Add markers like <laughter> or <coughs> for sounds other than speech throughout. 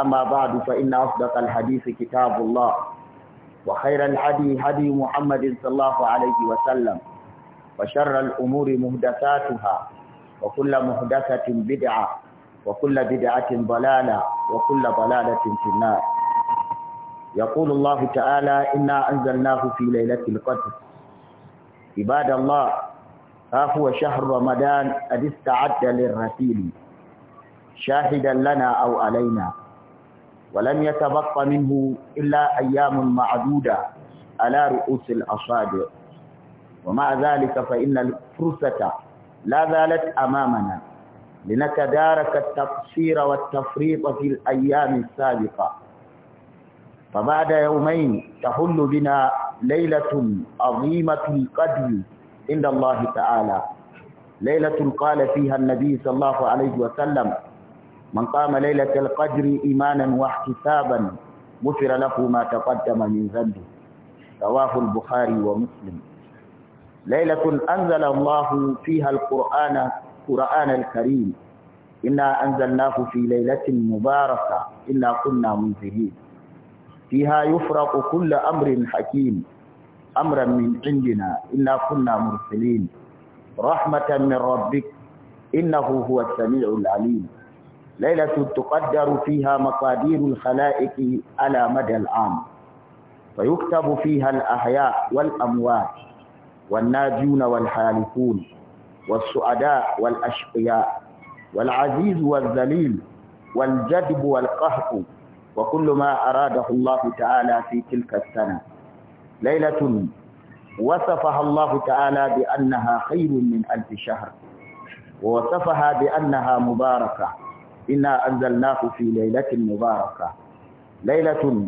أما بعد فإن أصدق الحديث كتاب الله وخير الحدي هدي محمد صلى الله عليه وسلم وشر الأمور مهدثاتها وكل مهدثة بدعة وكل بدعة ضلالة وكل ضلالة في النار يقول الله تعالى إنا أنزلناه في ليلة القدر عباد الله ها هو شهر رمضان قد استعد للرسيل شاهدا لنا أو علينا ولم يتبقى منه إلا أيام معدودة على رؤوس الأصابع ومع ذلك فإن الفرصة لا زالت أمامنا لنتدارك التقصير والتفريط في الأيام السابقة فبعد يومين تحل بنا ليلة عظيمة القدر عند الله تعالى ليلة قال فيها النبي صلى الله عليه وسلم من قام ليلة القدر إيمانا واحتسابا غفر له ما تقدم من ذنبه رواه البخاري ومسلم ليلة أنزل الله فيها القرآن قرآن الكريم إنا أنزلناه في ليلة مباركة إنا كنا منذرين فيها يفرق كل أمر حكيم أمرا من عندنا إنا كنا مرسلين رحمة من ربك إنه هو السميع العليم ليلة تقدر فيها مقادير الخلائق على مدى العام فيكتب فيها الأحياء والأموات والناجون والحالفون والسعداء والأشقياء والعزيز والذليل والجدب والقهق وكل ما أراده الله تعالى في تلك السنة ليلة وصفها الله تعالى بأنها خير من ألف شهر ووصفها بأنها مباركة إنا أنزلناه في ليلة مباركة ليلة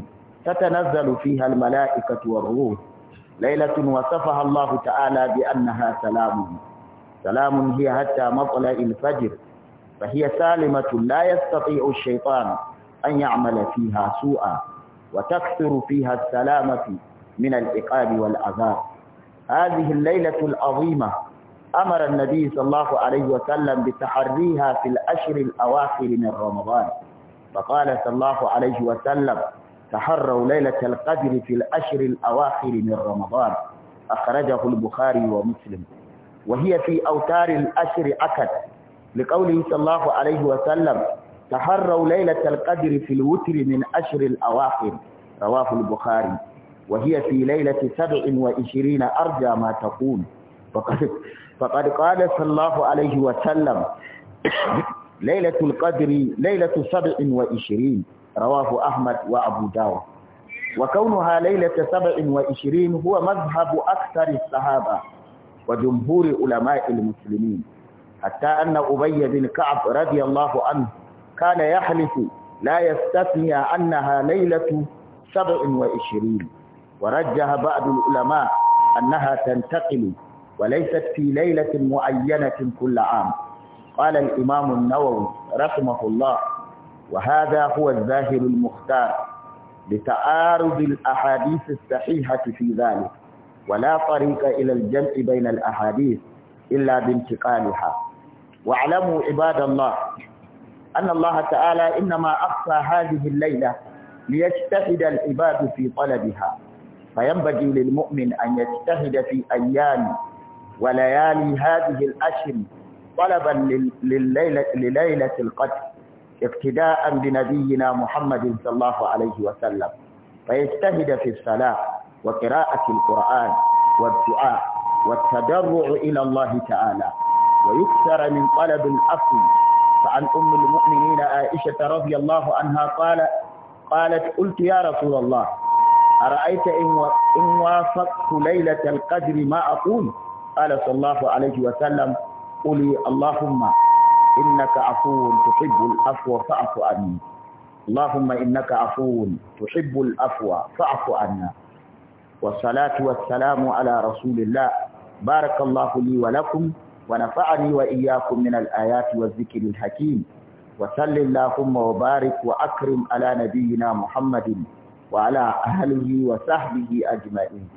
تتنزل فيها الملائكة والروح ليلة وصفها الله تعالى بأنها سلام سلام هي حتى مطلع الفجر فهي سالمة لا يستطيع الشيطان أن يعمل فيها سوءا وتكثر فيها السلامة من العقاب والعذاب هذه الليلة العظيمة أمر النبي صلى الله عليه وسلم بتحريها في الأشر الأواخر من رمضان فقال صلى الله عليه وسلم تحروا ليلة القدر في الأشر الأواخر من رمضان أخرجه البخاري ومسلم وهي في أوتار الأشر أكد لقوله صلى الله عليه وسلم تحروا ليلة القدر في الوتر من أشر الأواخر رواه البخاري وهي في ليلة سبع وعشرين أرجى ما تكون فقد فقد قال صلى الله عليه وسلم ليلة القدر ليلة سبع وعشرين رواه أحمد وأبو داود وكونها ليلة سبع وعشرين هو مذهب أكثر الصحابة وجمهور علماء المسلمين حتى أن أبي بن كعب رضي الله عنه كان يحلف لا يستثني أنها ليلة سبع وعشرين ورجح بعض العلماء أنها تنتقل وليست في ليلة معينة كل عام قال الإمام النووي رحمه الله وهذا هو الظاهر المختار لتعارض الأحاديث الصحيحة في ذلك ولا طريق إلى الجمع بين الأحاديث إلا بانتقالها واعلموا عباد الله أن الله تعالى إنما أخفى هذه الليلة ليجتهد العباد في طلبها فينبغي للمؤمن أن يجتهد في أيام وليالي هذه الأشر طلبا لليلة, لليلة القدر اقتداء بنبينا محمد صلى الله عليه وسلم فيجتهد في الصلاة وقراءة القرآن والدعاء والتضرع إلى الله تعالى ويكثر من طلب الأصل فعن أم المؤمنين عائشة رضي الله عنها قال قالت قلت يا رسول الله أرأيت إن وافقت ليلة القدر ما أقول قال صلى الله عليه وسلم قولي اللهم إنك عفو تحب العفو فاعف عني اللهم إنك عفو تحب العفو فاعف عنا والصلاة والسلام على رسول الله بارك الله لي ولكم ونفعني وإياكم من الآيات والذكر الحكيم وصل اللهم وبارك وأكرم على نبينا محمد وعلى أهله وصحبه أجمعين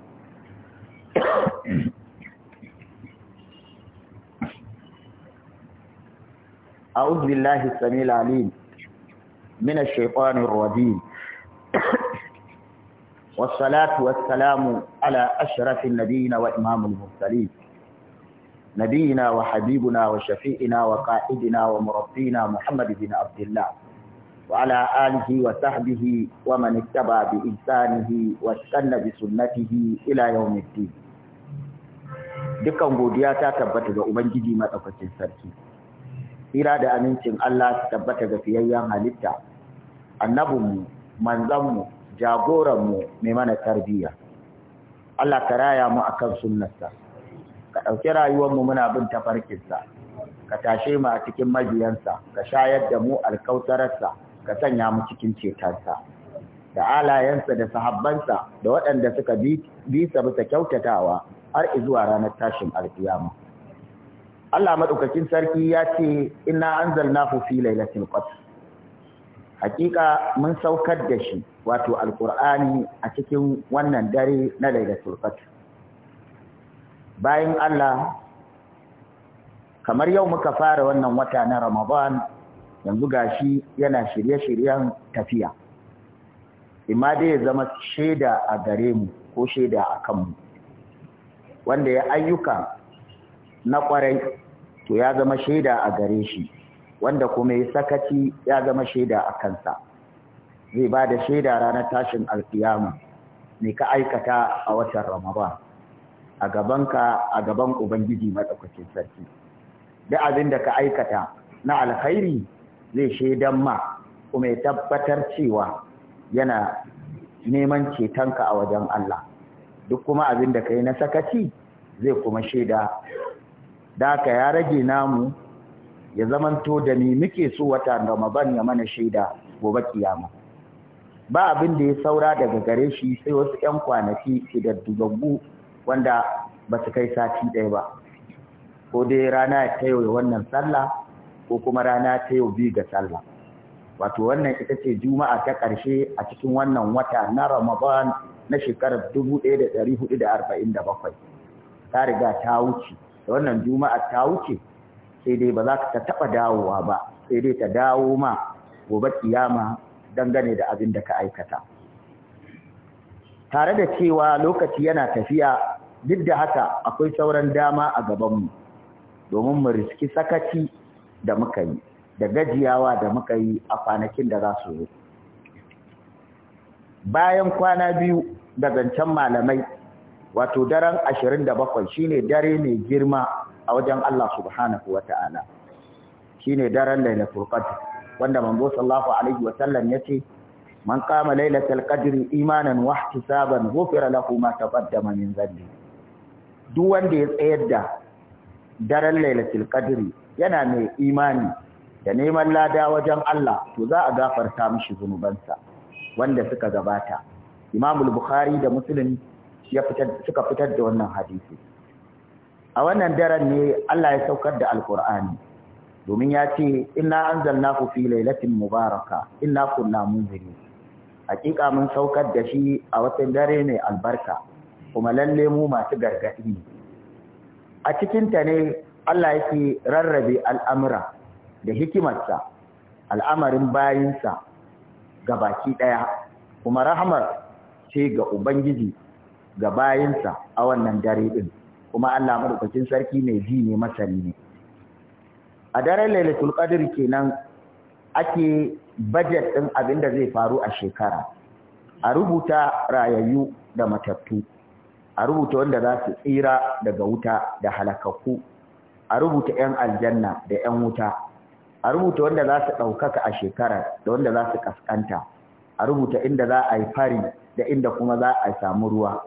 أعوذ بالله السميع العليم من الشيطان الرجيم <coughs> والصلاة والسلام على أشرف النبيين وإمام المرسلين نبينا وحبيبنا وشفيئنا وقائدنا ومربينا محمد بن عبد الله وعلى آله وصحبه ومن اتبع بإنسانه واستنى بسنته إلى يوم الدين دكا مبودياتا تبتغى أمنجدي ما تفتن Hira da amincin Allah su tabbata ga fiyayyen halitta annabinmu manzanmu jagoranmu mai mana tarbiyya Allah ka raya mu akan sunnarsa ka ɗauki rayuwarmu muna bin tafarkinsa ka tashe mu a cikin mabiyansa ka shayar da mu alkautararsa ka sanya mu cikin cetonsa da alayensa da sahabbansa da waɗanda suka bi sa bisa kyautatawa har izuwa ranar tashin alkiyama Allah madaukakin sarki ya ce inna anzalnahu fi lailatul qadr hakika mun saukar da shi wato alqur'ani a cikin wannan dare na lailatul qadr bayan Allah kamar yau muka fara wannan wata na Ramadan yanzu gashi yana shirye-shiryen tafiya imma dai ya zama shaida a gare mu ko shaida a kanmu wanda ya ayyuka na kwarai to ya zama shaida a gare shi wanda kuma ya sakaci ya zama shaida a kansa zai ba da shaida ranar tashin alkiyama ne ka aikata a watan ramadan a gabanka a gaban ubangiji madaukakin sarki da abin da ka aikata na alkhairi zai shaidan ma kuma ya tabbatar cewa yana neman cetonka a wajen Allah duk kuma abin da ka yi na sakaci zai kuma shaida da ya rage namu ya zamanto da ni muke so wata ban ya mana shaida gobe kiyama ba abin da ya saura daga gare shi sai wasu ƴan kwanaki da dubabbu wanda ba su kai sati ɗaya ba ko dai rana ta yau wannan sallah ko kuma rana ta yau biyu ga sallah wato wannan ita ce juma'a ta ƙarshe a cikin wannan wata na Ramadan na shekarar 1447 ta riga ta wuce Da wannan juma'a ta wuce sai dai ba za ka taɓa dawowa ba sai dai ta dawo ma gobe kiyama dangane da abin da ka aikata tare da cewa lokaci yana tafiya duk da haka akwai sauran dama a gabanmu domin mu riski sakaci da muka yi da gajiyawa da muka yi a kwanakin da za su zo bayan kwana biyu da zancen malamai wato daren ashirin 27 shine dare mai girma a wajen Allah subhanahu wata'ala shine daren lailatul qadr wanda manzo sallallahu alaihi wasallam yace man qama lailatul qadri imanan wa ihtisaban ghufira lahu ma taqaddama min dhanbi duk wanda ya tsayar da daren lailatul qadri yana mai imani da neman lada wajen Allah to za a gafarta mishi zunubansa wanda suka gabata Imamul bukhari da Muslim suka fitar da wannan hadisi a wannan daren ne Allah ya saukar da alkur'ani domin ya ce inna anzalnahu fi lailatin mubaraka inna kunna munziri hakika mun saukar da shi a watan dare ne albarka kuma lalle mu masu gargadi ne a cikin ta ne Allah yake rarrabe al'amura da hikimarsa al'amarin bayinsa ga baki daya kuma rahmar ce ga ubangiji ga bayinsa a wannan dare ɗin, kuma Allah madaukakin sarki mai ji ne masani ne a daren lailatul qadr kenan ake bajet ɗin abin da zai faru a shekara a rubuta rayayyu da matattu a rubuta wanda za su tsira daga wuta da halakakku a rubuta 'yan aljanna da 'yan wuta a rubuta wanda za su ɗaukaka a shekara da wanda za su ƙasƙanta a rubuta inda za a yi fari da inda kuma za a samu ruwa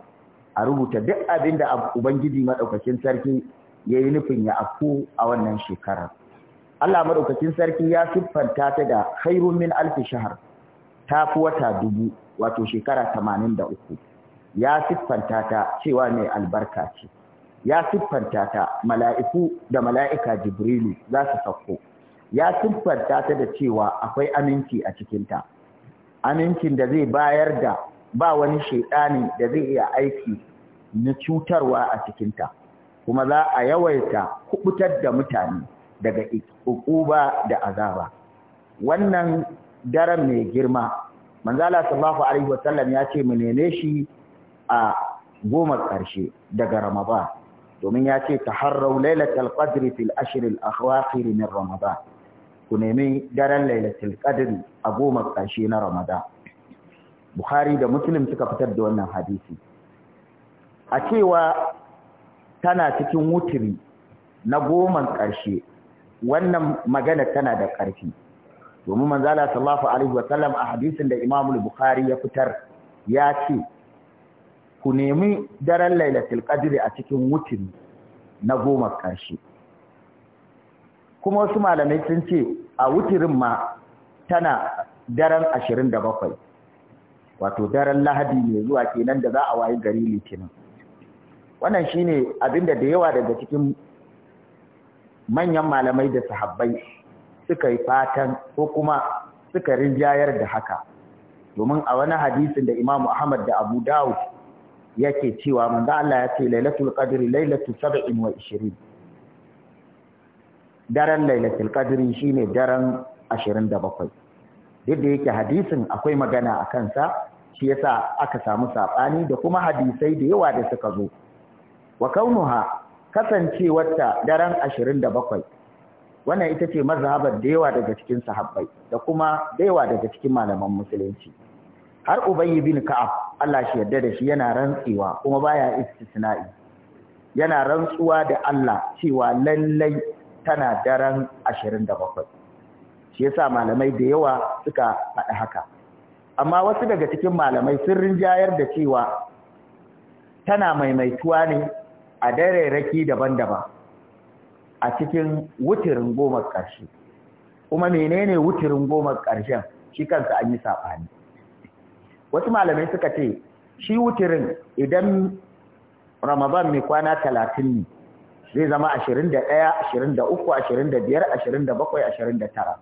a rubuta duk abin da Ubangiji maɗaukakin sarki ya yi nufin ya afku a wannan shekarar. Allah maɗaukakin sarki ya siffanta ta da khairun min alfi shahar ta fi wata dubu wato shekara tamanin da uku. Ya siffanta ta cewa mai albarka ce. Ya siffanta ta mala'iku da mala'ika Jibrilu za su sauko. Ya siffanta ta da cewa akwai aminci a cikinta. Amincin da zai bayar da ba wani shaidani da zai iya aiki na cutarwa a cikinta kuma za a yawaita kubutar da mutane daga ba da azaba wannan daren mai girma manzala sallallahu alaihi wasallam ya ce mu neme shi a goma ƙarshe daga ramadan domin ya ce taharrau lailatul qadri fil ashr al akhwaqir min ramadan ku nemi daren lailatul qadri a goma ƙarshe na ramadan Bukhari da Muslim suka fitar da wannan hadisi a cewa tana cikin wutiri na goman ƙarshe wannan magana tana da ƙarfi domin manzala sallallahu alaihi wasallam a hadisin da Imam Bukhari ya fitar ya ce ku nemi daren Lailatul Qadr a cikin wutiri na goma ƙarshe kuma wasu malamai sun ce a wutirin ma tana daren 27 wato daren lahadi ne zuwa kenan da za a wayi gari litinin wannan shine abinda da yawa daga cikin manyan malamai da sahabbai suka yi fatan ko kuma suka rinjayar da haka domin a wani hadisin da Imam Ahmad da Abu Dawud yake cewa manzo Allah ya ce lailatul qadri lailatu 27 daren lailatul qadri shine daren 27 duk da yake hadisin akwai magana a kansa shi yasa aka samu saɓani da kuma hadisai da yawa da suka zo wa kaunuha kasancewarta daren 27 wannan ita ce mazhabar da yawa daga cikin sahabbai da kuma da yawa daga cikin malaman musulunci har ubayyi bin ka'ab Allah shi yarda da shi yana rantsewa kuma baya istisna'i yana rantsuwa da Allah cewa lallai tana daren ashirin 27 shi yasa malamai da yawa suka faɗi haka amma wasu daga cikin malamai sun rinjayar da cewa tana maimaituwa ne a dareraki daban-daban a cikin wutirin goma ƙarshe kuma menene wutirin goma ƙarshen shi kansa an yi saɓani wasu malamai suka ce shi wutirin idan ramadan mai kwana talatin ne zai zama ashirin da ɗaya ashirin da uku ashirin da biyar ashirin da bakwai ashirin da tara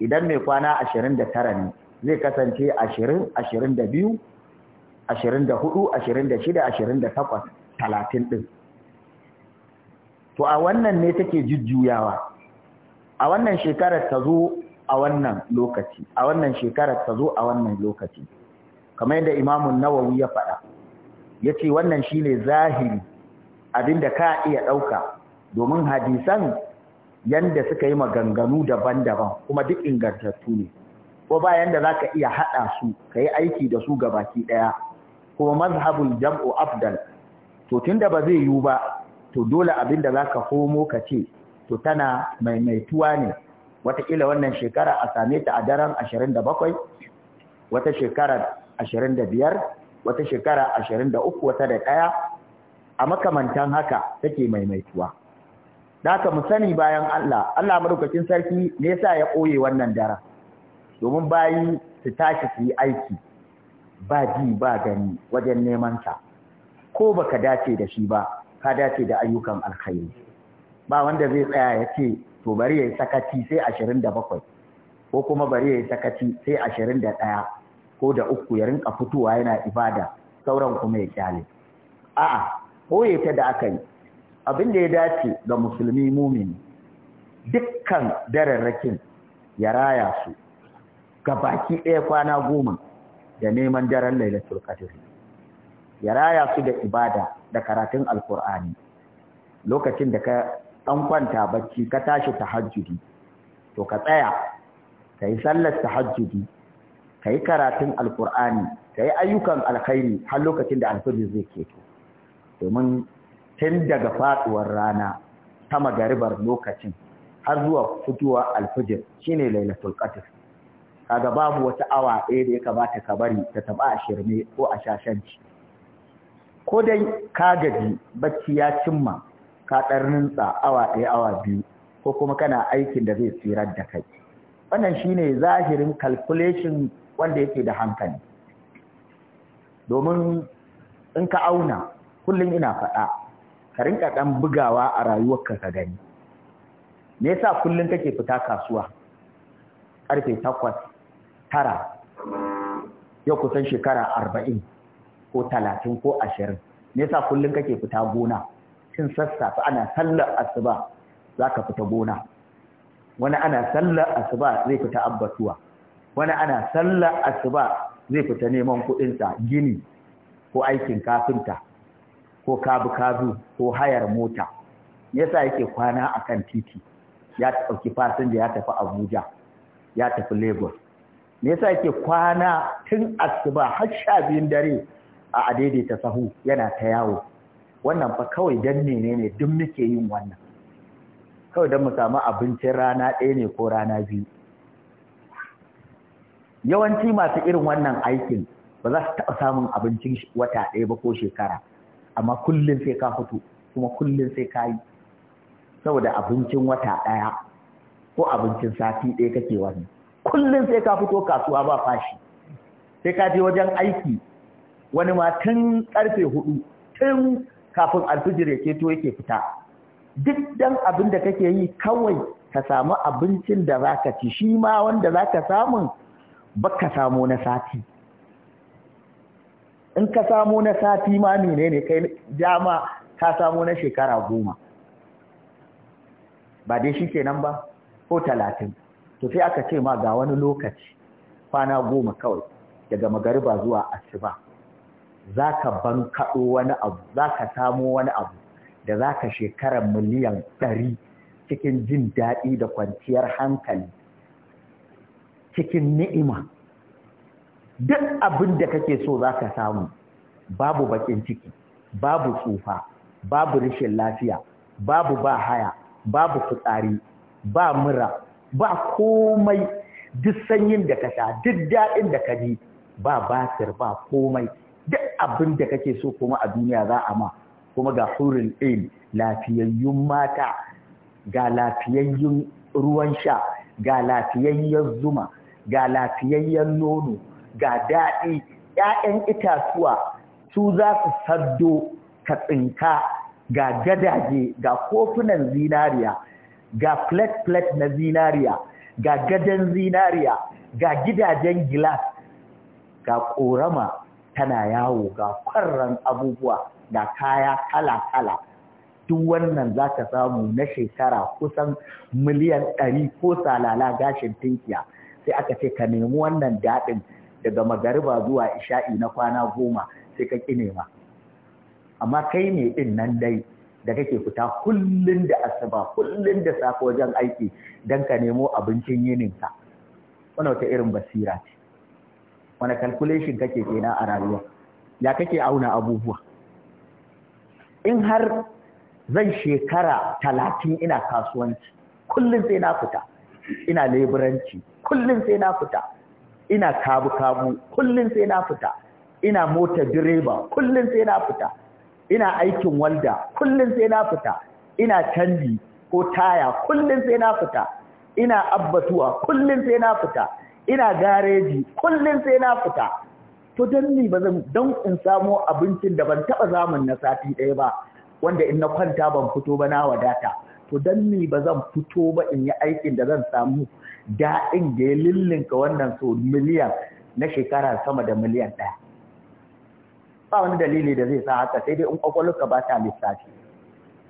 idan mai kwana ashirin da tara ne zai kasance ashirin ashirin da biyu ashirin da hudu ashirin da shida ashirin da takwas talatin din. to a wannan ne take jujjuyawa a wannan shekarar ta zo a wannan lokaci a wannan shekarar ta zo a wannan lokaci kamar yadda imamun nawawi ya faɗa ya ce wannan shi ne zahiri abinda ka iya ɗauka domin hadisan yanda suka yi maganganu daban-daban kuma duk ingantattu ne ko ba yanda za ka iya haɗa su ka yi aiki da su gabaki ɗaya kuma mazhabin jam'u afdal to tunda ba zai yiwu ba to dole abin da za ka komo ka ce to tana maimaituwa ne watakila wannan shekara a same ta a daren 27 wata shekara 25 wata shekara 23 wata da ɗaya a makamantan haka take maimaituwa da haka mu sani bayan Allah Allah madaukakin sarki ne yasa ya koye wannan dara domin bayi su tashi su yi aiki ba ji ba gani wajen neman sa ko baka dace da shi ba ka dace da ayyukan alkhairi ba wanda zai tsaya ya ce to bari yayi sakaci sai 27 ko kuma bari yayi sakaci sai 21 ko da uku ya rinka fitowa yana ibada sauran kuma ya kyale a'a koye ta da aka yi abin da ya dace ga musulmi mumini dukkan dararrakin ya raya su ga baki ɗaya kwana goma da neman daren lailatul qadr ya raya su da ibada da karatun alkur'ani lokacin da ka ɗan kwanta bacci ka tashi tahajjudi to ka tsaya ka yi sallar tahajjudi ka yi karatun alkur'ani ka yi ayyukan alkhairi har lokacin da alfajir zai keto domin tun daga faduwar rana ta magaribar lokacin har zuwa fitowar alfijir shine lailatul qadr kaga babu wata awa ɗaya da ya kamata ka bari ta taba a shirme ko a shashanci ko dai ka gaji bacci ya cimma ka ɗan rintsa awa ɗaya awa biyu ko kuma kana aikin da zai tsirar da kai wannan shine zahirin calculation wanda yake da hankali domin in ka auna kullum ina faɗa ka rinka ɗan bugawa a rayuwar ka gani me yasa kullum kake fita kasuwa Karfe takwas tara yau kusan shekara arba'in ko talatin ko ashirin me yasa kullum kake fita gona cin sassafe ana sallar asuba za ka fita gona wani ana sallar asuba zai fita abbatuwa wani ana sallar asuba zai fita neman kuɗinsa gini ko aikin kafinta ko kabu-kabu ko hayar mota yasa yake kwana a kan titi ya ɗauki fasinja ya tafi abuja ya tafi lagos yasa yake kwana tun asuba har sha biyun dare a adaidaita sahu yana ta yawo wannan fa kawai dan ne ne duk muke yin wannan kawai don mu samu abincin rana ɗaya ne ko rana biyu yawanci masu irin wannan aikin ba za su taɓa samun abincin wata ɗaya ba ko shekara amma kullum sai ka fito kuma kullum sai ka yi saboda abincin wata ɗaya ko abincin sati ɗaya kake wani kullum sai ka fito kasuwa ba fashi sai ka je wajen aiki wani ma tun ƙarfe hudu tun kafin alfijir ya keto yake fita duk dan abin da kake yi kawai ka samu abincin da za ka ci shi ma wanda za ka samun baka samu na sati in ka samu na sati ma ne ne kai dama ka samu na shekara goma ba dai shi ke nan ba ko talatin to sai aka ce ma ga wani lokaci kwana goma kawai daga magariba zuwa asuba za ka bankaɗo wani abu za ka samo wani abu da za ka shekarar miliyan ɗari cikin jin daɗi da kwanciyar hankali cikin ni'ima duk abin da kake so za ka samu babu bakin ciki babu tsufa babu rashin lafiya babu ba haya babu fitsari ba mura ba komai duk sanyin da ka sha duk daɗin da ka ji ba basir ba komai duk abin da kake so kuma a duniya za a ma kuma ga hurin ɗin lafiyayyun mata ga lafiyayyun ruwan sha ga lafiyayyen zuma ga lafiyayyen nono ga daɗi ‘ya'yan itatuwa su za su saddo ka tsinka ga gadaje ga kofunan zinariya ga flat-flat na zinariya ga gadon zinariya ga gidajen gilas ga ƙorama tana yawo ga kwarran abubuwa ga kaya kala-kala duk wannan za ka samu na shekara kusan miliyan ɗari ko salala gashin tinkiya sai aka ce ka nemi wannan daɗin daga magariba zuwa isha'i na kwana goma sai ka ƙi nema amma kai ne ɗin nan dai da kake fita kullum da asuba kullum da safe wajen aiki don ka nemo abincin yininka wani wata irin basira ce wani calculation kake kenan a rayuwa ya kake auna abubuwa in har zan shekara talatin ina kasuwanci kullum sai na fita ina leburanci kullum sai na fita ina kabu-kabu kullum sai na fita ina mota direba kullum sai na fita ina aikin walda kullum sai na fita ina canji ko taya kullum sai na fita ina abbatuwa kullum sai na fita ina gareji kullum sai na fita to don ni ba zan don in samo abincin da ban taba zamun na sati ɗaya ba wanda in na kwanta ban fito ba na wadata to don ni ba zan fito ba in yi aikin da zan samu daɗin da ya lullinka wannan so miliyan na shekara sama da miliyan ɗaya ba wani dalili da zai sa haka sai dai in ƙwaƙwalwarka ba ta lissafi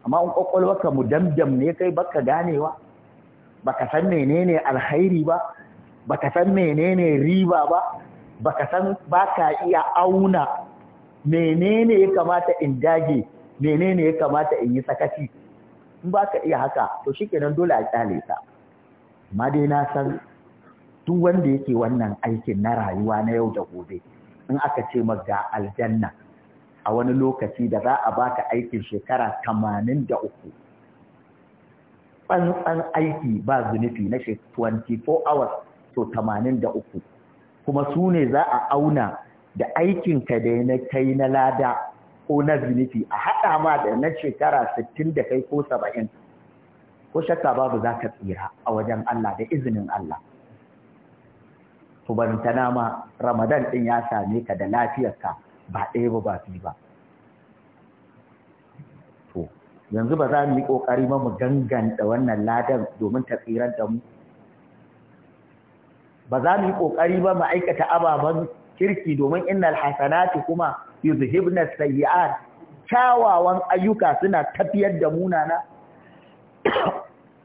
amma in ƙwaƙwalwarka mu damdam ne kai baka ganewa baka san menene alhairi ba baka san menene riba ba baka san baka iya auna menene ya kamata in dage menene ya kamata in yi sakaci in baka iya haka to shikenan dole a ƙyale ta amma dai na san duk wanda yake wannan aikin na rayuwa na yau da gobe in aka ce ga aljanna a wani lokaci da za a baka aikin shekara tamanin da uku tsantsan aiki ba zunufi na 24 hours to tamanin da uku kuma su ne za a auna da aikin ka da na kai na lada ko na zunufi a haɗa ma da na shekara 60 da kai ko saba'in ko shakka babu za ka tsira a wajen Allah da izinin Allah. ta nama Ramadan ɗin ya same ka da lafiyarka ba ɗaya ba ba fi ba. To, yanzu ba za mu yi ƙoƙari ba mu ganganta wannan ladan domin ta tsirar da mu. Ba za mu yi ƙoƙari ba mu aikata ababen kirki domin innal hasanati kuma yuzhibna sayyi'at kyawawan ayyuka suna tafiyar da munana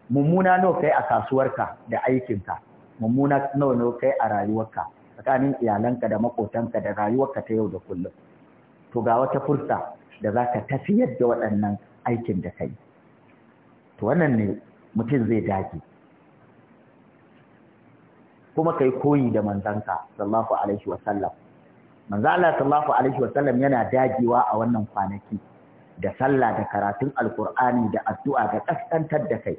mummuna nawa kai a kasuwarka da aikinka mummuna nawa nawa kai a rayuwarka tsakanin iyalanka da makotanka da rayuwarka ta yau da kullum to ga wata fursa da za ka tafiyar da waɗannan aikin da kai to wannan ne mutum zai dage kuma kai koyi da manzanka sallallahu alaihi wa sallam manzo Allah sallallahu alaihi wa sallam yana dagewa a wannan kwanaki da sallah da karatun alkur'ani da addu'a da kaskantar da kai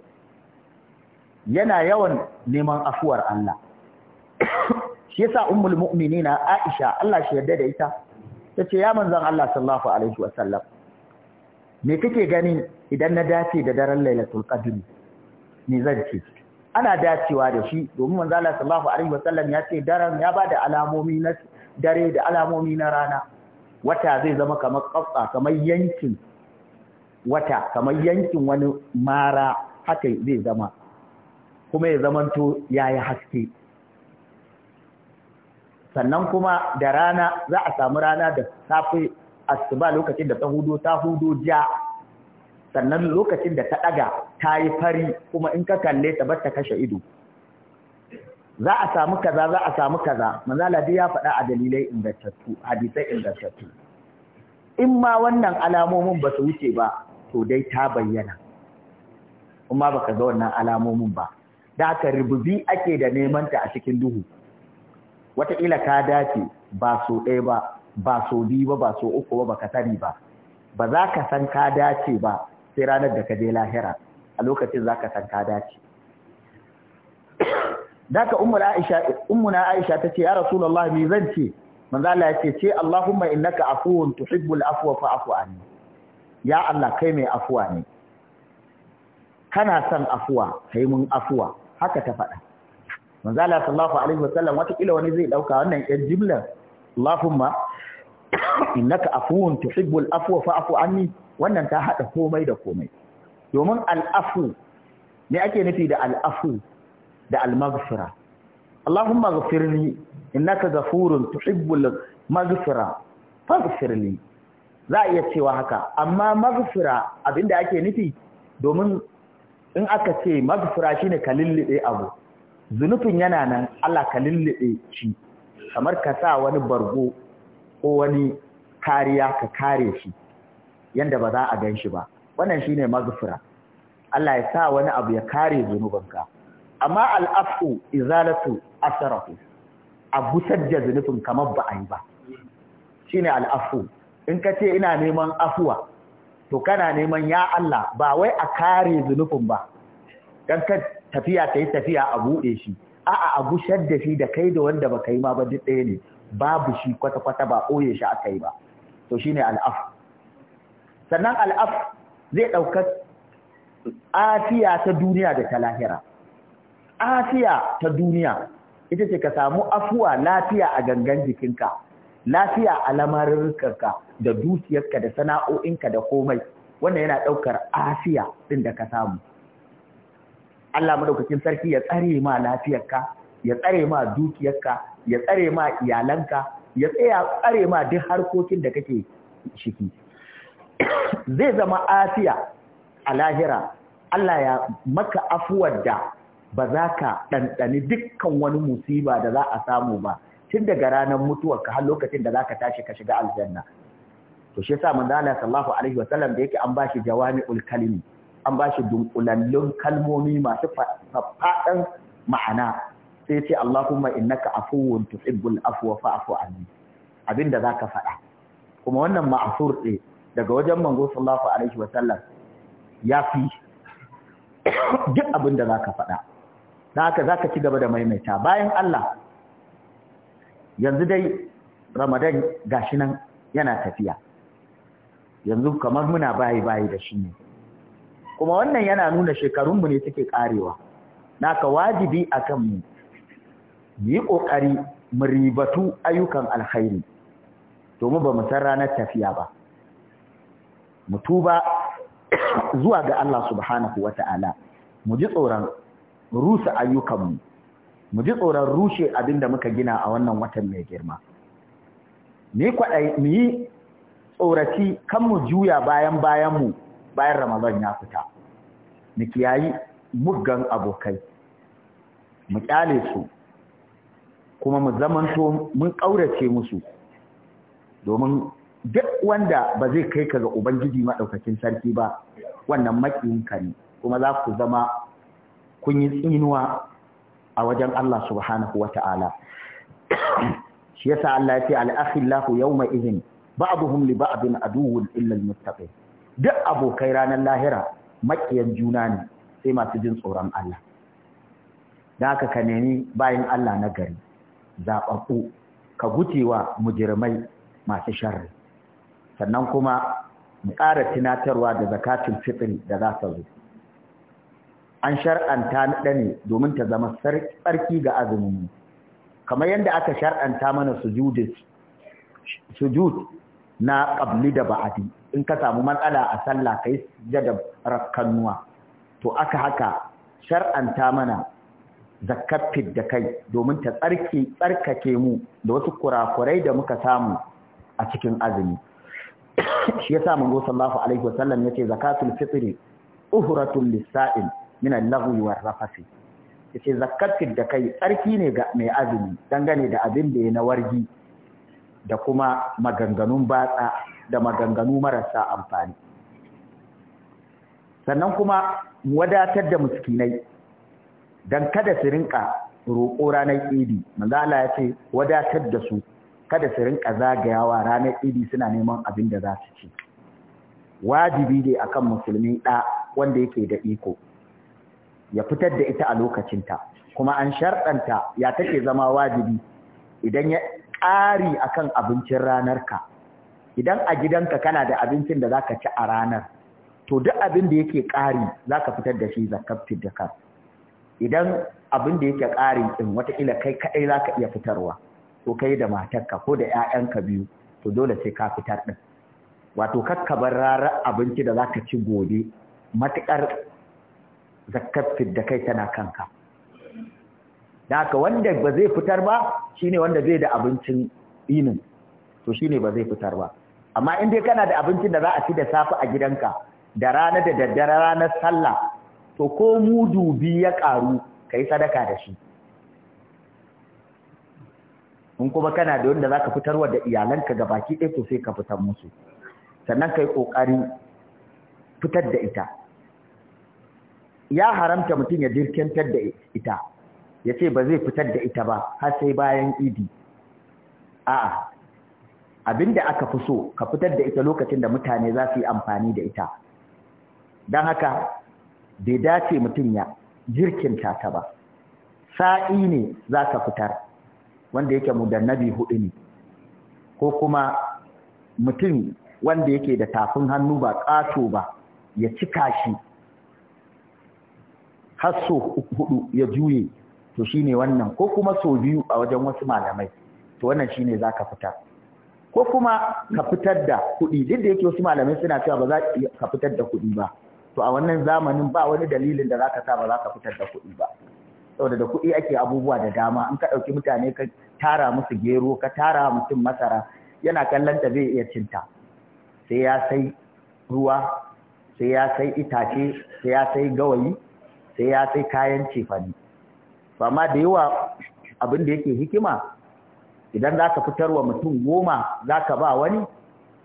yana yawan neman afuwar Allah <coughs> shi yasa ummul mu'minina Aisha Allah shi yarda da ita tace ya manzon Allah sallallahu alaihi wasallam me kake gani idan na dace da daren lailatul qadr ni zan ce ana dacewa da shi domin manzon Allah sallallahu alaihi wasallam ya ce daren ya bada alamomi na dare da alamomi na rana wata zai zama kamar kafsa kamar yankin wata kamar yankin wani mara haka zai zama kuma ya zamanto ya yi haske sannan kuma da rana za a samu rana da safe asuba lokacin da ta hudo ta hudo ja sannan lokacin da ta ɗaga ta yi fari kuma in ka kalle ta bar ta kashe ido za a samu kaza za a samu kaza manzala dai ya faɗa a dalilai ingantattu hadisai ingantattu in ma wannan alamomin ba su wuce ba to dai ta bayyana kuma baka ga wannan alamomin ba da aka rububi ake da neman ta a cikin duhu wataƙila ka dace ba so ɗaya ba ba so biyu ba ba so uku ba baka sani ba ba za ka san ka dace ba sai ranar da ka je lahira a lokacin za ka san ka dace Daka Ummu Aisha ta ce, Ya Rasulallah, me zan ce, manzala ya ce, ce Allahumma innaka afuwun tuhibbul afwa fa'fu anni. ya Allah kai mai afuwa ne kana son afuwa kai mun afuwa haka ta faɗa manzo Allah sallallahu alaihi wasallam wata kila wani zai dauka wannan yan jimla Allahumma innaka afuwun tuhibbul afwa fa'fu anni wannan ta hada komai da komai domin al'afu me ake nufi da al'afu da al-maghfira Allahumma ghfirli innaka ghafurun tuhibbul maghfira faghfirli za a iya cewa haka amma maghfira abinda ake nufi domin in aka ce magfira shine ka lullube abu zunufin yana nan Allah ka lullube shi kamar ka sa wani bargo ko wani kariya ka kare shi yanda ba za a gan shi ba wannan shine maghfira Allah ya sa wani abu ya kare zunubanka amma al'afu izalatu asarafu a busar da zunufin kamar ba a yi ba shine al'afu in ka ce ina neman afuwa to kana neman ya Allah ba wai a kare zunufin ba dan ka tafiya ta yi tafiya a buɗe shi a'a a gushar da shi da kai da wanda ba yi ma ba duk ɗaya ne babu shi kwata-kwata ba ɓoye shi aka yi ba to shine al'af sannan al'af zai ɗauka afiya ta duniya da ta lahira afiya ta duniya ita ce ka samu afuwa lafiya a gangan jikinka lafiya a lamarinka da dukiyarka da sana'o'inka da komai wannan yana ɗaukar afiya ɗin da ka samu Allah madaukakin sarki ya tsare ma lafiyarka ya tsare ma dukiyarka ya tsare ma iyalanka ya tsaya tsare ma duk harkokin da kake shiki zai zama afiya a lahira Allah ya maka afuwar da ba za ka ɗanɗani dukkan wani musiba da za a samu ba tun daga ranar mutuwar ka har lokacin da zaka tashi ka shiga aljanna to shi yasa manzo Allah sallallahu alaihi wasallam da yake an bashi jawami'ul kalimi an bashi dunkulallun kalmomi masu faɗan ma'ana sai ce Allahumma innaka afuwun tuhibbul afwa fa'fu anni abinda zaka faɗa kuma wannan ma'asur ɗin daga wajen manzo sallallahu alaihi wasallam ya fi <coughs> duk abin da zaka faɗa dan haka zaka ci gaba da maimaita bayan Allah yanzu dai ramadan gashi nan yana tafiya yanzu kamar muna bayi bayi da shi ne kuma wannan yana nuna shekarunmu ne suke karewa naka wajibi a Mu yi ƙoƙari mu ribatu ayyukan alkhairi domin ba mu san ranar tafiya ba mu tuba zuwa ga Allah subhanahu wata'ala mu ji tsoron rusa ayyukanmu mu ji tsoron rushe abin da muka gina a wannan watan mai girma ni mu yi tsoraci kan mu juya bayan bayan mu bayan ramadan ya fita mu kiyayi muggan abokai mu ƙyale su kuma mu zamanto mun ƙaurace musu domin duk wanda ba zai kai ka ga ubangiji maɗaukacin sarki ba wannan maƙiyinka ne kuma za ku zama kun yi tsinuwa a wajen Allah subhanahu wa ta'ala <coughs> shi yasa Allah ya ce yau mai yawma idhin ba'dhum li ba'din aduwwun illa al-muttaqin duk abokai ranar lahira makiyan juna ne sai masu jin tsoron Allah da haka ka nemi bayan Allah na gari zaɓaɓɓu ka gucewa mujirmai masu sharri sannan kuma mu ƙara tunatarwa da zakatun fitri da za ta zo an shar'anta na ɗane domin ta zama tsarki ga azumin mu. kamar yadda aka shar'anta mana sujud na ƙabli da ba'adi in ka samu matsala a sallah ka yi jada rakkanuwa to aka haka shar'anta mana zakafi da kai domin ta tsarki tsarkake mu da wasu kurakurai da muka samu a cikin azumi shi yasa manzo sallallahu alaihi wasallam yace zakatul fitri uhratun lis min al-lagwi rafasi yace da kai tsarki ne ga mai azumi dangane da abin da ya na wargi da kuma maganganun batsa da maganganu marasa amfani sannan kuma wadatar da muskinai dan kada su rinka roƙo ranar idi manzo Allah ya wadatar da su kada su rinka zagayawa ranar idi suna neman abin da za su ci wajibi ne akan musulmi ɗa wanda yake da iko ya fitar da ita a lokacinta kuma an sharɗanta ya take zama wajibi idan ya ƙari akan abincin ranarka idan a gidanka kana da abincin da zaka ci a ranar to duk abin da yake ƙari zaka fitar da shi zakaftin da idan abin da yake ƙari wata wataƙila kai kaɗai zaka iya fitarwa to kai da matarka ko da 'ya'yanka biyu to dole sai ka fitar din. wato kakkabar rarar abinci da zaka ci gobe matuƙar zakkar da kai tana kanka da haka wanda ba zai fitar ba shine wanda zai da abincin inin to shine ba zai fitar ba amma in dai kana da abincin da za a ci da safi a gidanka da rana da daddare ranar sallah to ko mudu bi ya karu kai sadaka da shi in kuma kana da wanda ka fitarwa da iyalanka ga baki ɗaya to sai ka fitar musu sannan kai kokari fitar da ita ya haramta mutum ya dirkantar da ita ya ce ba zai fitar da ita ba har sai bayan idi a'a abinda aka fi so ka fitar da ita lokacin da mutane za su yi amfani da ita don haka bai dace mutum ya jirkinta ta ba sa'i ne za ka fitar wanda yake nabi hudu ne ko kuma mutum wanda yake da tafin hannu ba ƙato ba ya cika shi har so hudu ya juye to shine wannan ko kuma so biyu a wajen wasu malamai to wannan shine ka fita ko kuma ka fitar da kuɗi duk da yake wasu malamai suna cewa ba za ka fitar da kuɗi ba to a wannan zamanin ba wani dalilin da zaka sa ba za ka fitar da kuɗi ba saboda da kuɗi ake abubuwa da dama in ka ɗauki mutane ka tara musu gero ka tara mutum masara yana kallon ta zai iya cinta sai ya sai ruwa sai ya sai itace sai ya sai gawayi sai ya sai kayan cefane amma da yawa abin da yake hikima idan za ka fitar wa mutum goma za ka ba wani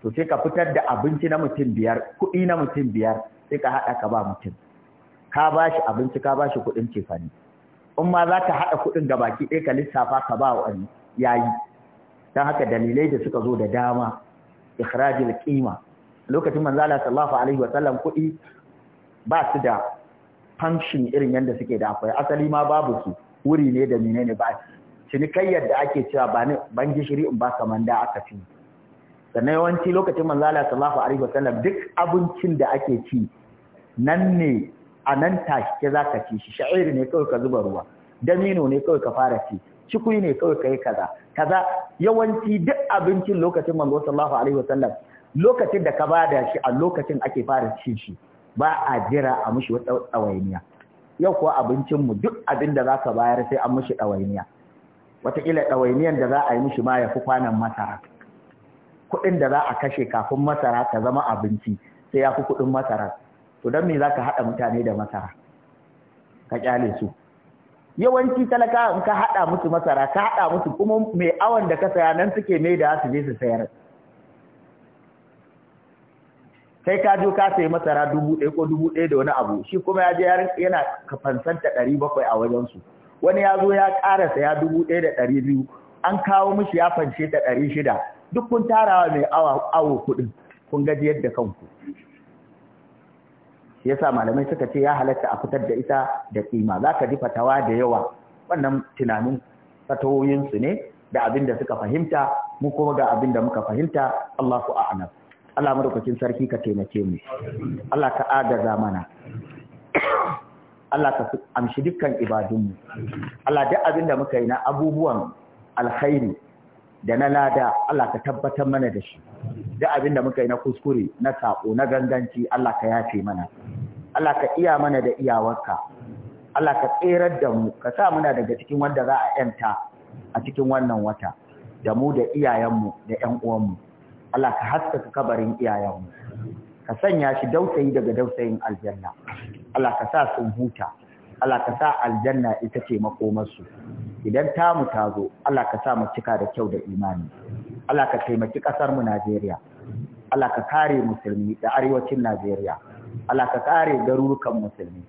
to sai ka fitar da abinci na mutum biyar kuɗi na mutum biyar sai ka haɗa ka ba mutum ka ba shi abinci ka ba shi kuɗin cefane in ma za ka haɗa kuɗin ga baki ɗaya ka lissafa ka ba wani yayi don haka dalilai da suka zo da dama ikhrajil qima lokacin manzo Allah sallallahu alaihi wa sallam kuɗi ba su da function irin yadda suke da akwai asali ma babu su wuri ne da menene ba cinikayyar da ake cewa ba ne ban gishiri in ba kaman da aka ci sannan yawanci lokacin manzo Allah sallallahu alaihi wasallam duk abincin da ake ci nan ne a nan ke zaka ci shi sha'iri ne kawai ka zuba ruwa damino ne kawai ka fara ci cikui ne kawai kai kaza kaza yawanci duk abincin lokacin manzo sallallahu alaihi wasallam lokacin da ka bada shi a lokacin ake fara cin shi ba a jira a mushi wata ɗawainiya yau kuwa abincinmu duk abin da za ka bayar sai an mushi ɗawainiya wataƙila ɗawainiyar da za a yi mushi ma ya fi kwanan masara kuɗin da za a kashe kafin masara ta zama abinci sai ya fi kuɗin masara to don me za ka haɗa mutane da masara ka ƙyale su yawanci talaka in ka haɗa musu masara ka haɗa musu kuma mai awon da ka saya nan suke mai da su je su sayar kai ka ji ka sayi masara dubu ɗaya ko dubu ɗaya da wani abu shi kuma ya je yana kafansanta ɗari bakwai a wajensu wani ya zo ya ƙara saya dubu ɗaya da ɗari biyu an kawo mishi ya fanshe ta ɗari shida duk kun tarawa mai awo kuɗin kun gaji yadda kanku shi yasa malamai suka ce ya halatta a fitar da ita da kima za ka ji fatawa da yawa wannan tunanin fatawoyinsu ne da abin da suka fahimta mu kuma ga abin da muka fahimta Allahu a'lam Allah madaukakin sarki ka taimake mu Allah ka agaza mana Allah ka amshi dukkan ibadunmu Allah duk abin da muka yi na abubuwan alkhairi da na lada Allah ka tabbatar mana da shi duk abin da muka yi na kuskure na sako na ganganci Allah ka yafe mana Allah ka iya mana da iyawarka Allah ka tserar da mu ka sa muna daga cikin wanda za a yanta a cikin wannan wata da mu da iyayenmu da ƴan uwanmu Allah ka haskaka kabarin iyayenmu ka sanya shi dausayi daga dausayin aljanna Allah ka sa sun huta Allah ka sa aljanna ita ce makomarsu idan ta ta zo Allah ka sa mu cika da kyau da imani Allah ka taimaki kasar mu Najeriya Allah ka kare musulmi da arewacin Najeriya Allah ka kare garurukan musulmi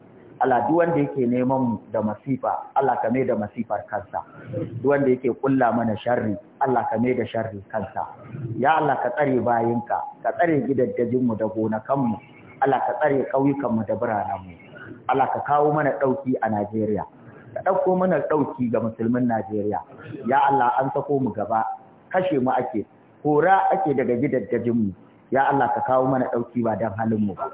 Allah duk wanda yake neman da masifa Allah ka mai da masifar kansa duk wanda yake kulla mana sharri Allah ka mai da sharri kansa ya Allah ka tsare bayinka ka tsare gidajjin mu da gonakan mu Allah ka tsare kauyukan mu da biranen mu Allah ka kawo mana dauki a Najeriya ka dauko mana dauki ga musulmin Najeriya ya Allah an sako mu gaba kashe mu ake hora ake daga gidajjin mu ya Allah ka kawo mana ɗauki ba don halinmu ba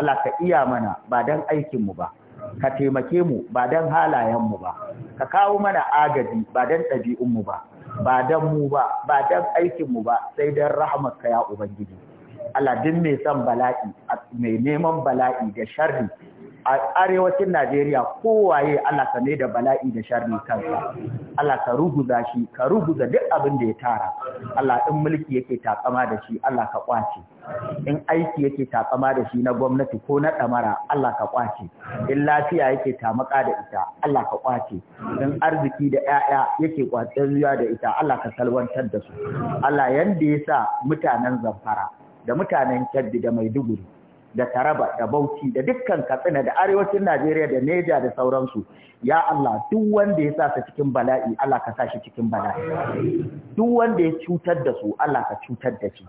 Allah ka iya mana ba don aikinmu ba ka taimake mu ba don halayenmu ba ka kawo mana agaji ba don ɗabi'unmu ba ba don mu ba ba don aikinmu ba sai don rahamarka ya ubangiji Allah duk mai son bala'i mai neman bala'i da sharri a arewacin Najeriya kowaye Allah ka ne da bala'i da sharri kansa Allah ka ruguza shi ka ruguza duk abin da ya tara Allah in mulki yake takama da shi Allah ka kwace in aiki yake takama da shi na gwamnati ko na ɗamara. Allah ka kwace in lafiya yake tamaka da ita Allah ka kwace in arziki da 'ya'ya yake kwace zuwa da ita Allah ka salwantar da su Allah yanda ya sa mutanen Zamfara da mutanen Keddi da Maiduguri da Taraba da Bauchi da dukkan Katsina da arewacin Najeriya da Neja da sauransu ya Allah duk wanda ya sa su cikin bala'i Allah ka sa shi cikin bala'i duk wanda ya cutar da su Allah ka cutar da shi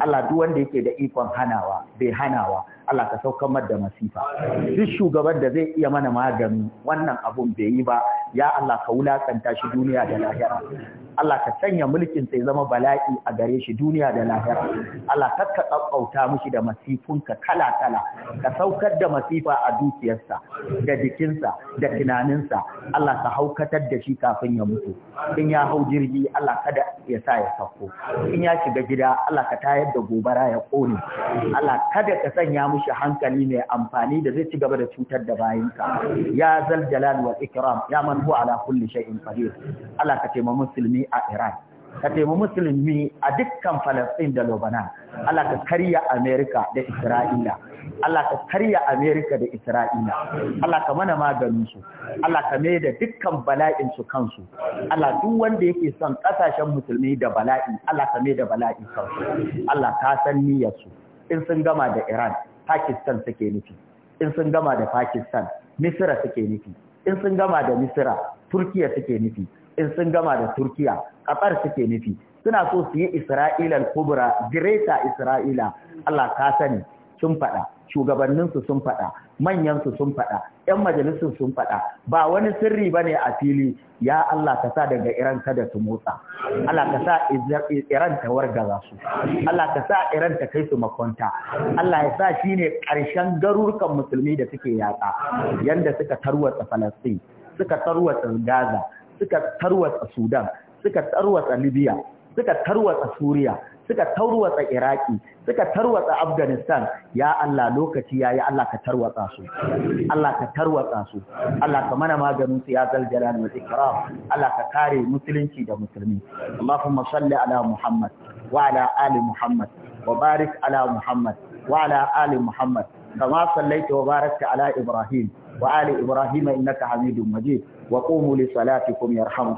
Allah duk wanda yake da ikon hanawa bai hanawa Allah ka saukar da masifa duk shugaban da zai iya mana magani wannan abun bai yi ba ya Allah ka wulakanta shi duniya da lahira Allah ka sanya mulkin ya zama bala'i a gare shi duniya da lahira Allah ka ka kakkauta mushi da masifunka kala kala ka saukar da masifa a dukiyarsa da jikinsa da tunaninsa Allah ka haukatar da shi kafin ya mutu in ya hau jirgi Allah kada ya sa ya sauko in ya shiga gida Allah ka tayar da gobara ya kone Allah kada ka sanya mushi hankali mai amfani da zai ci gaba da cutar da bayinka ya zal jalal wa ikram ya man huwa ala kulli shay'in qadir Allah ka taimaka musulmi a Iran ka taimu musulmi a dukkan falasɗin da Lebanon Allah ka karya Amerika da Isra'ila Allah ka karya Amerika da Isra'ila Allah ka mana maganin su Allah ka mai da dukkan bala'insu kansu Allah duk wanda yake son ƙasashen musulmi da bala'i Allah ka mai da bala'i kansu Allah ka san niyyarsu, in sun gama da Iran Pakistan suke nufi in sun gama da Pakistan Misira suke nufi in sun gama da Misira Turkiya suke nufi in sun gama da Turkiya ƙasar suke nufi suna so su yi Isra'ila kubura, Greater Isra'ila Allah ka sani sun faɗa shugabanninsu sun faɗa manyansu sun faɗa ‘yan majalisun sun faɗa ba wani sirri ba ne a fili ya Allah ka sa daga iran kada su motsa Allah ka sa iran ta wargaza su Allah ka sa iran ta kai su makonta Allah ya sa shi ne ƙarshen garurukan musulmi da suke yatsa yanda suka tarwatsa falastin suka tarwatsa gaza suka tarwatsa Sudan, suka tarwatsa Libya, suka tarwatsa Suriya, suka tarwatsa Iraki, suka tarwatsa Afghanistan, ya Allah lokaci yayi Allah ka tarwatsa su. Allah ka tarwatsa su. Allah ka mana maganin su ya zal jalal wal Allah ka kare musulunci da musulmi. Allahumma salli ala Muhammad wa ala ali Muhammad wa barik ala Muhammad wa ala ali Muhammad kama sallaita wa barakta ala Ibrahim wa ali ibrahim innaka hamidum majid wa qumu li salatikum yarhamukum